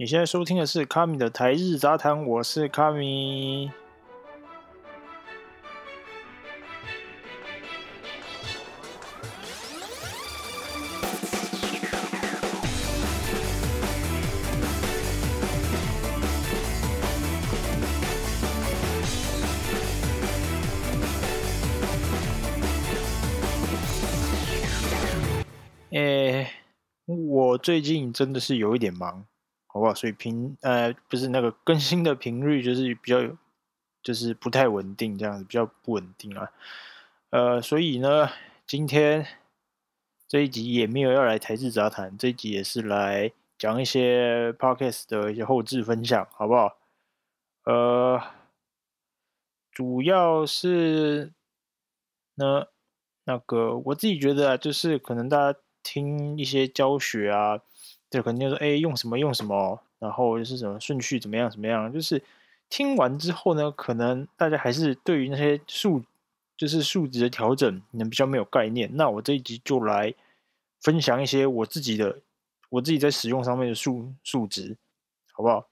你現在收聽的是卡米的台日雜談，我是卡米。誒、欸，我最近真的是有一點忙。好不好？所以頻呃不是那個更新的頻率就是比較，就是不太穩定這樣子，比較不穩定啊，呃所以呢今天這一集也沒有要來台式雜談，這一集也是來講一些 Podcast 的一些後製分享好不好？呃，主要是那那個我自己覺得啊，就是可能大家聽一些教學啊。就肯定說，哎，用什麼用什麼，然後就是什麼順序，怎麼樣怎麼樣。就是聽完之後呢，可能大家還是對於那些數，就是數值的調整，你比較沒有概念。那我這一集就來分享一些我自己的，我自己在使用上面的數數值，好不好？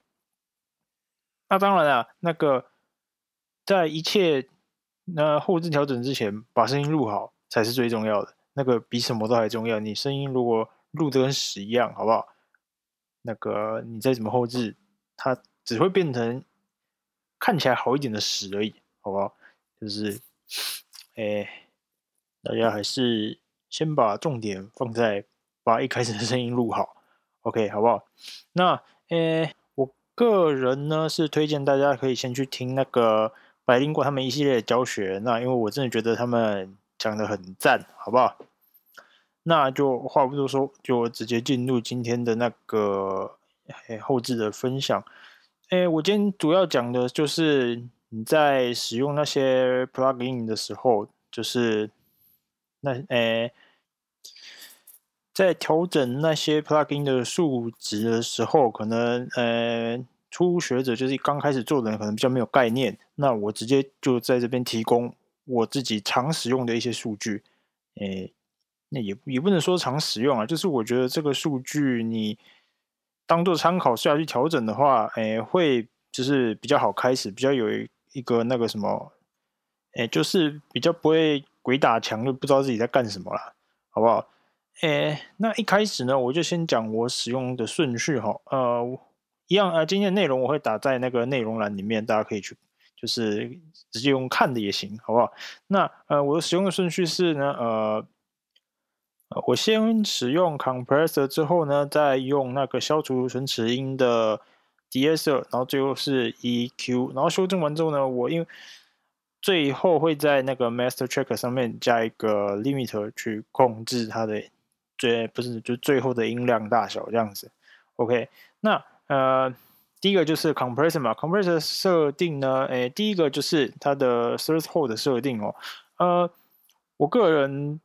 那當然了，那個在一切那後置調整之前，把聲音錄好才是最重要的，那個比什麼都還重要。你聲音如果錄的跟屎一樣，好不好？那個你再怎麼後製，它只會變成看起來好一點的屎而已，好不好？就是，哎、欸，大家還是先把重點放在把一開始的聲音錄好，OK，好不好？那，誒、欸，我個人呢是推薦大家可以先去聽那個白靈果他們一系列的教學，那因為我真的覺得他們講得很讚，好不好？那就話不多說，就直接進入今天的那個、欸、後製的分享。哎、欸，我今天主要講的就是你在使用那些 plugin 的時候，就是那哎、欸，在調整那些 plugin 的數值的時候，可能呃、欸，初學者就是剛開始做的人，可能比較沒有概念。那我直接就在這邊提供我自己常使用的一些數據，欸那也也不能說常使用啊，就是我覺得這個數據你當做參考是要去調整的話，哎、欸，會就是比較好開始，比較有一一個那個什麼，哎、欸，就是比較不會鬼打牆，就不知道自己在幹什麼啦，好不好？哎、欸，那一開始呢，我就先講我使用的順序哈，呃，一樣啊、呃，今天的內容我會打在那個內容欄裡面，大家可以去，就是直接用看的也行，好不好？那呃，我使用的順序是呢，呃。我先使用 compressor 之後呢，再用那個消除唇齒音的 DeEsser 然後最後是 eq，然後修正完之後呢，我因為最後會在那個 master track 上面加一個 limiter 去控制它的最，不是，就最後的音量大小這樣子。OK，那呃第一個就是 compressor 嘛、嗯、compressor 設定呢，哎第一個就是它的 threshold 的設定哦，呃我個人。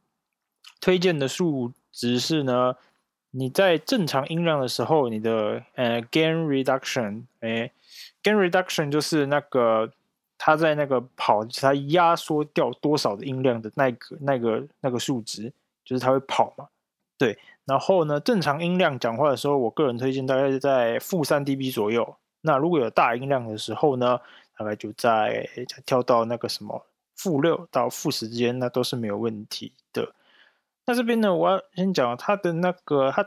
推薦的數值是呢，你在正常音量的時候，你的呃、uh, gain reduction，哎、欸，gain reduction 就是那個它在那個跑，它壓縮掉多少的音量的那個那個那個數值，就是它會跑嘛。對，然後呢，正常音量講話的時候，我個人推薦大概在負三 dB 左右。那如果有大音量的時候呢，大概就在跳到那個什麼負六到負十之間，那都是沒有問題的。那這邊呢，我要先講它的那個，它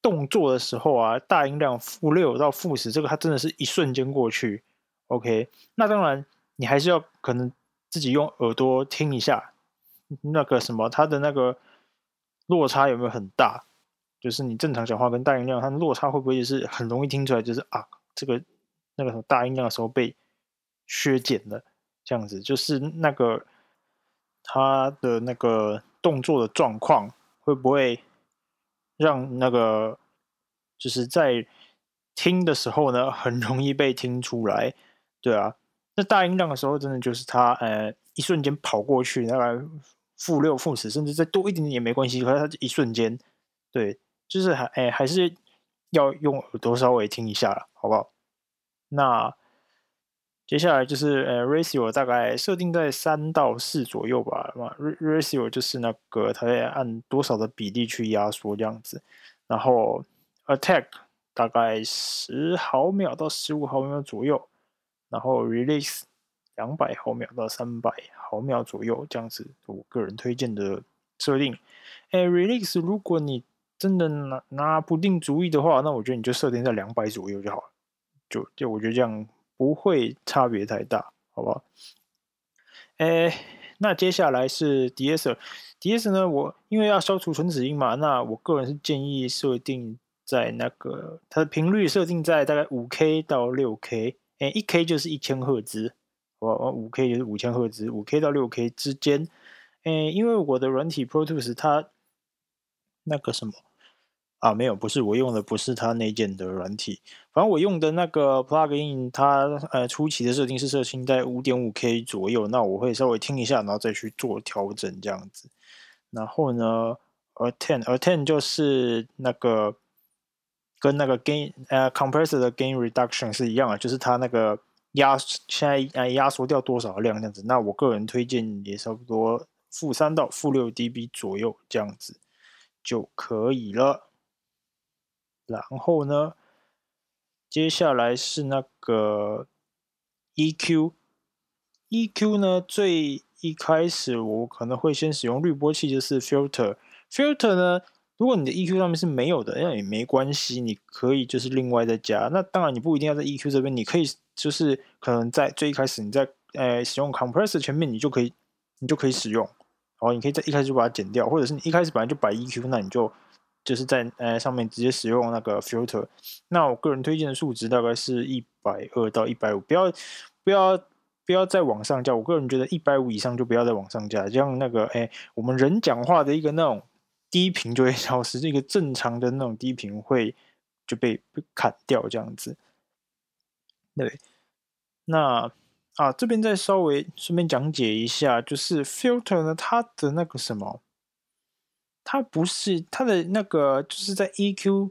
動作的時候啊，大音量負六到負十，這個它真的是一瞬間過去。OK，那當然你還是要可能自己用耳朵聽一下，那個什麼它的那個落差有沒有很大？就是你正常講話跟大音量，它的落差會不會就是很容易聽出來？就是啊，這個那個什麼大音量的時候被削減了，這樣子就是那個它的那個。動作的狀況會不會讓那個就是在聽的時候呢，很容易被聽出來？對啊，那大音量的時候，真的就是他呃，一瞬間跑過去，大概負六、負十，甚至再多一點點也沒關係。可是他這一瞬間，對，就是還哎、欸，還是要用耳朵稍微聽一下了，好不好？那。接下來就是呃，ratio 大概設定在三到四左右吧。ratio 就是那個它會按多少的比例去壓縮這樣子。然後 attack 大概十毫秒到十五毫秒左右。然後 release 兩百毫秒到三百毫秒左右這樣子。我個人推薦的設定、hey。哎，release 如果你真的拿拿不定主意的話，那我覺得你就設定在兩百左右就好了就。就就我覺得這樣。不會差別太大，好不好？誒，那接下來是 DeEsser，DeEsser 呢？我因為要消除唇齒音嘛，那我個人是建議設定在那個它的頻率設定在大概五 K 到六 K，誒，一 K 就是一千赫茲，好吧？五 K 就是五千赫茲，五 K 到六 K 之間，誒，因為我的軟體 Pro Tools 它那個什麼。啊，沒有，不是我用的，不是他內建的軟體。反正我用的那個 plugin，它呃初期的設定是設定在五點五 k 左右，那我會稍微聽一下，然後再去做調整這樣子。然後呢，Atten，Atten 就是那個跟那個 gain，呃，compressor 的 gain reduction 是一樣啊，就是它那個壓現在呃，壓縮掉多少量這樣子。那我個人推薦也差不多負三到負六 dB 左右這樣子就可以了。然後呢，接下來是那個 EQ，EQ 呢最一開始我可能會先使用濾波器，就是 filter。filter 呢，如果你的 EQ 上面是沒有的，那也沒關係，你可以就是另外再加。那當然你不一定要在 EQ 這邊，你可以就是可能在最一開始你在呃使用 compressor 前面，你就可以你就可以使用。然後你可以在一開始就把它剪掉，或者是你一開始本來就擺 EQ，那你就。就是在呃上面直接使用那個 filter，那我個人推薦的數值大概是一百二到一百五，不要不要不要再往上加。我個人覺得一百五以上就不要再往上加，這樣那個哎、欸、我們人講話的一個那種低頻就會消失，一個正常的那種低頻會就被砍掉這樣子。對，那啊這邊再稍微順便講解一下，就是 filter 呢它的那個什麼。它不是它的那個，就是在 EQ，誒、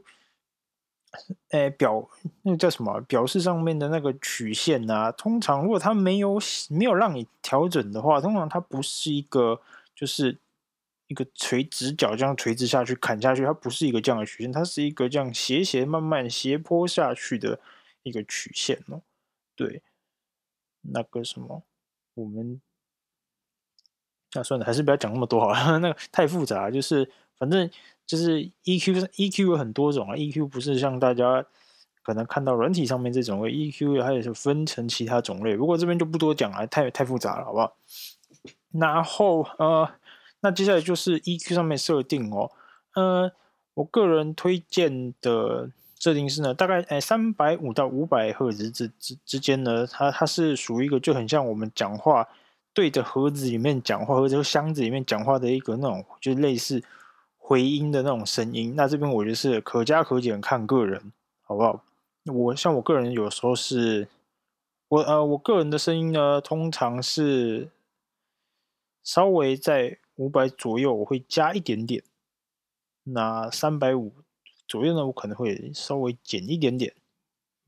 欸，表那個叫什麼、啊？表示上面的那個曲線吶、啊。通常如果它沒有沒有讓你調整的話，通常它不是一個，就是一個垂直角這樣垂直下去砍下去，它不是一個這樣的曲線，它是一個這樣斜斜慢慢斜坡下去的一個曲線哦、喔。對，那個什麼，我們。那、啊、算了，還是不要講那麼多好了，那個太複雜。就是反正就是 E Q E Q 有很多種啊，E Q 不是像大家可能看到軟體上面這種 E Q，它也是分成其他種類。不過這邊就不多講了，太太複雜了，好不好？然後呃，那接下來就是 E Q 上面設定哦。呃，我個人推薦的設定是呢，大概呃三百五到五百赫茲之之之間呢，它它是屬於一個就很像我們講話。對着盒子裡面講話，盒子或者箱子裡面講話的一個那種，就是、類似回音的那種聲音。那這邊我就是可加可減，看個人，好不好？我像我個人有時候是，我呃，我個人的聲音呢，通常是稍微在五百左右，我會加一點點。那三百五左右呢，我可能會稍微減一點點，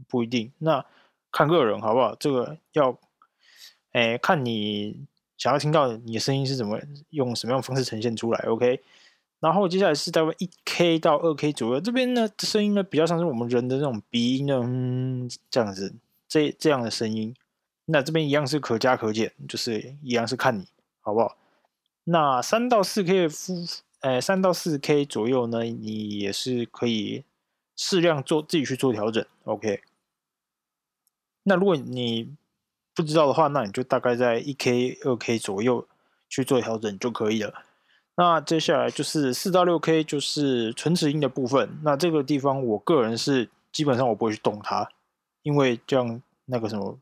不一定。那看個人，好不好？這個要。哎，看你想要聽到你的聲音是怎麼用什麼樣的方式呈現出來，OK？然後接下來是大概一 K 到二 K 左右，這邊呢聲音呢比較像是我們人的那種鼻音，嗯，這樣子，這這樣的聲音。那這邊一樣是可加可減，就是一樣是看你，好不好？那三到四 K 夫，哎，三到四 K 左右呢，你也是可以適量做自己去做調整，OK？那如果你，不知道的話，那你就大概在一 k、二 k 左右去做調整就可以了。那接下來就是四到六 k，就是唇齒音的部分。那這個地方，我個人是基本上我不會去動它，因為這樣那個什麼，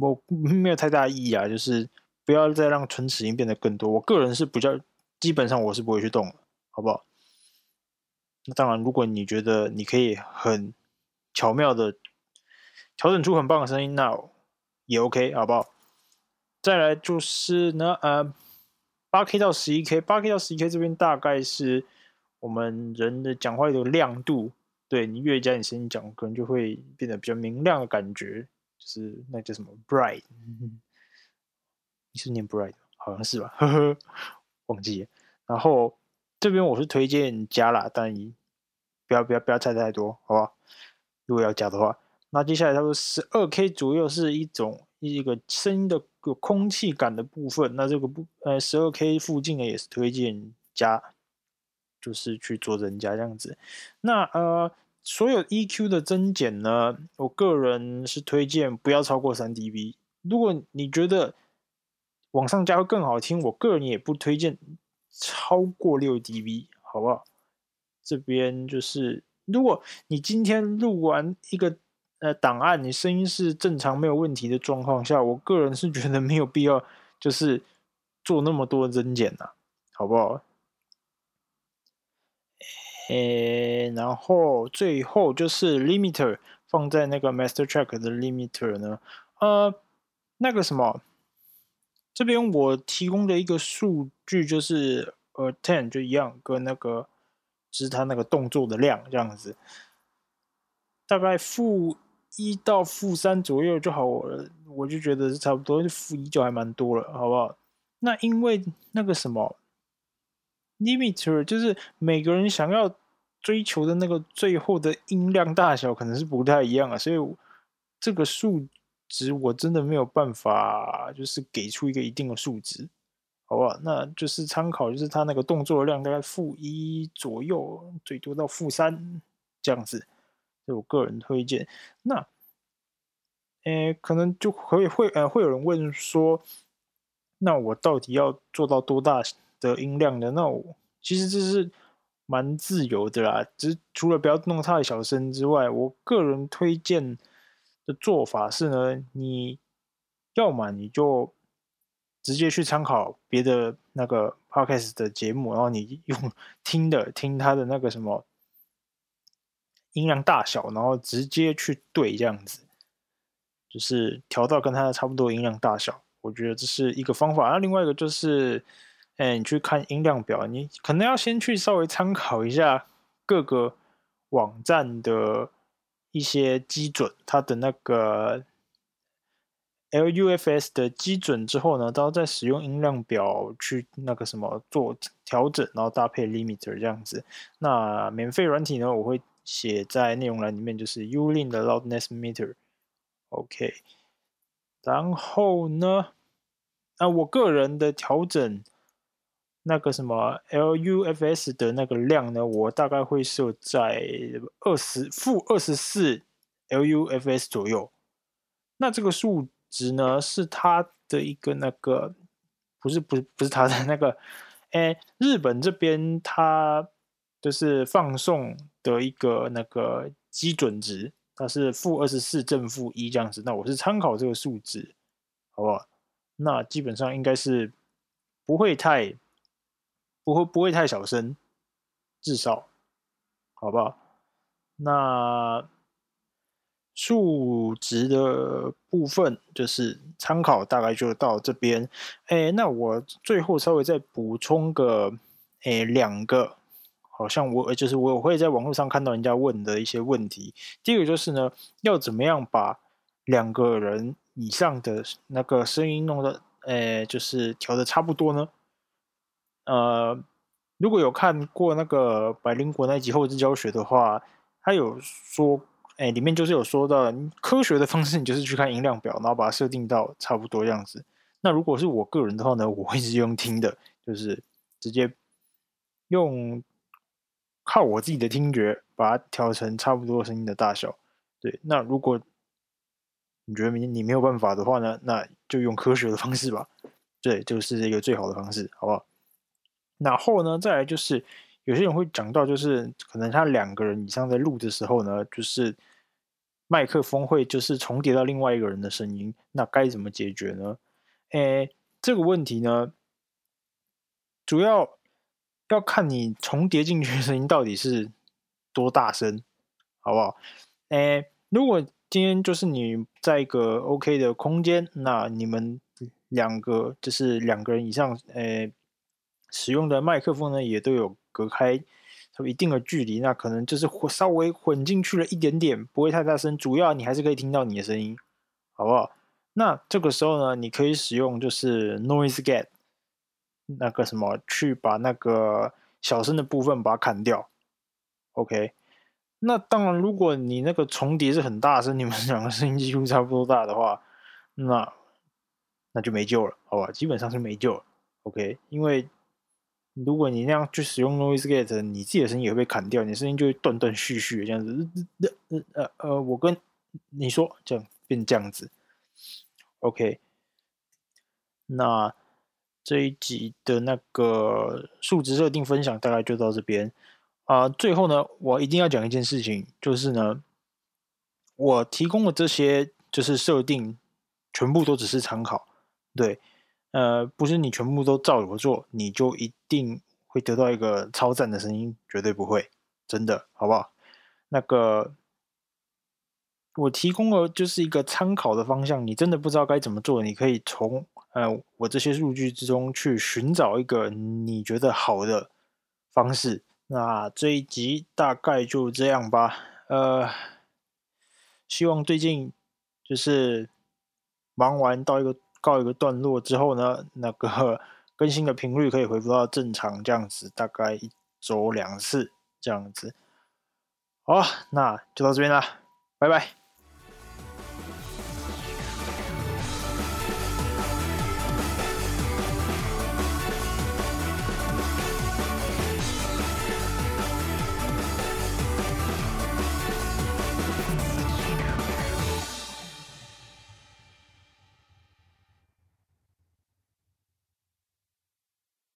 我沒有太大意義啊。就是不要再讓唇齒音變得更多。我個人是比較基本上我是不會去動，好不好？那當然，如果你覺得你可以很巧妙的調整出很棒的聲音，那。也 OK，好不好？再來就是呢，呃，八 K 到十一 K，八 K 到十一 K 這邊大概是我們人的講話的亮度，對，你越加你聲音講，可能就會變得比較明亮的感覺，就是那叫什麼 bright，你是念 bright，好像是吧？呵呵，忘記了。然後這邊我是推薦加啦，但一不要不要不要猜太多，好不好？如果要加的話。那接下來他說十二 K 左右是一種一個聲音的空氣感的部分，那這個不，呃，十二 K 附近呢也是推薦加，就是去做增加這樣子。那呃所有 EQ 的增減呢，我個人是推薦不要超過三 dB。如果你覺得往上加會更好聽，我個人也不推薦超過六 dB，好不好？這邊就是如果你今天錄完一個。呃，檔案，你聲音是正常沒有問題的狀況下，我個人是覺得沒有必要，就是做那麼多增減吶、啊，好不好？誒、欸，然後最後就是 limiter 放在那個 master track 的 limiter 呢？呃，那個什麼，這邊我提供的一個數據就是 Atten 就一樣，跟那個，就是它那個動作的量這樣子，大概負。一到負三左右就好了，我就覺得差不多，負一就還蠻多了，好不好？那因為那個什麼，limiter 就是每個人想要追求的那個最後的音量大小可能是不太一樣啊，所以這個數值我真的沒有辦法，就是給出一個一定的數值，好不好？那就是參考，就是它那個動作的量大概負一左右，最多到負三這樣子。我個人推薦，那，誒可能就會會呃，會有人問說，那我到底要做到多大的音量呢？那我其實這是蠻自由的啦，只是除了不要弄太小聲之外，我個人推薦的做法是呢，你要麼你就直接去參考別的那個 Podcast 的節目，然後你用聽的，聽他的那個什麼。音量大小，然後直接去對這樣子，就是調到跟它差不多的音量大小。我覺得這是一個方法。然後另外一個就是，哎，你去看音量表，你可能要先去稍微參考一下各個網站的一些基準，它的那個 LUFS 的基準之後呢，然後再使用音量表去那個什麼做調整，然後搭配 limiter 這樣子。那免費軟體呢，我會。寫在內容欄裡面就是 YouLean 的 Loudness Meter，OK、okay。然後呢，那我個人的調整，那個什麼 LUFS 的那個量呢，我大概會設在二十負二十四 LUFS 左右。那這個數值呢，是它的一個那個，不是不是不是它的那個，哎，日本這邊它。就是放送的一個那個基準值，它是負二十四正負一這樣子。那我是參考這個數值，好不好？那基本上應該是不會太不會不會太小聲，至少，好不好？那數值的部分就是參考，大概就到這邊。哎，那我最後稍微再補充個哎兩個。好像我就是我，我會在網絡上看到人家問的一些問題。第一個就是呢，要怎麼樣把兩個人以上的那個聲音弄的，哎、欸，就是調的差不多呢？呃，如果有看過那個百靈果那集後製教學的話，他有說，哎、欸，裡面就是有說到科學的方式，你就是去看音量表，然後把它設定到差不多樣子。那如果是我個人的話呢，我會直接用聽的，就是直接用。靠我自己的聽覺，把它調成差不多聲音的大小。對，那如果你覺得你你沒有辦法的話呢，那就用科學的方式吧。對，就是一個最好的方式，好不好？然後呢，再來就是有些人會講到，就是可能他兩個人以上在錄的時候呢，就是麥克風會就是重疊到另外一個人的聲音，那該怎麼解決呢？哎，這個問題呢，主要。要看你重疊進去的聲音到底是多大聲，好不好？誒、欸，如果今天就是你在一個 OK 的空間，那你們兩個就是兩個人以上，誒、欸，使用的麥克風呢也都有隔開有一定的距離，那可能就是混稍微混進去了一點點，不會太大聲，主要你還是可以聽到你的聲音，好不好？那這個時候呢，你可以使用就是 Noise Gate。那個什麼，去把那個小聲的部分把它砍掉，OK。那當然，如果你那個重疊是很大聲，你們兩個聲音幾乎差不多大的話，那那就沒救了，好吧？基本上是沒救了，OK。因為如果你那樣去使用 Noise Gate，你自己的聲音也會被砍掉，你聲音就會斷斷續續這樣子。呃呃，呃，我跟你說，這樣變這樣子，OK。那。這一集的那個數值設定分享大概就到這邊啊、呃。最後呢，我一定要講一件事情，就是呢，我提供的這些就是設定，全部都只是參考，對，呃，不是你全部都照我做，你就一定會得到一個超讚的聲音，絕對不會，真的，好不好？那個我提供了就是一個參考的方向，你真的不知道該怎麼做，你可以從。呃，我這些數據之中去尋找一個你覺得好的方式，那這一集大概就這樣吧。呃，希望最近就是忙完到一個告一個段落之後呢，那個更新的頻率可以恢復到正常這樣子，大概一周兩次這樣子。好，那就到這邊啦，拜拜。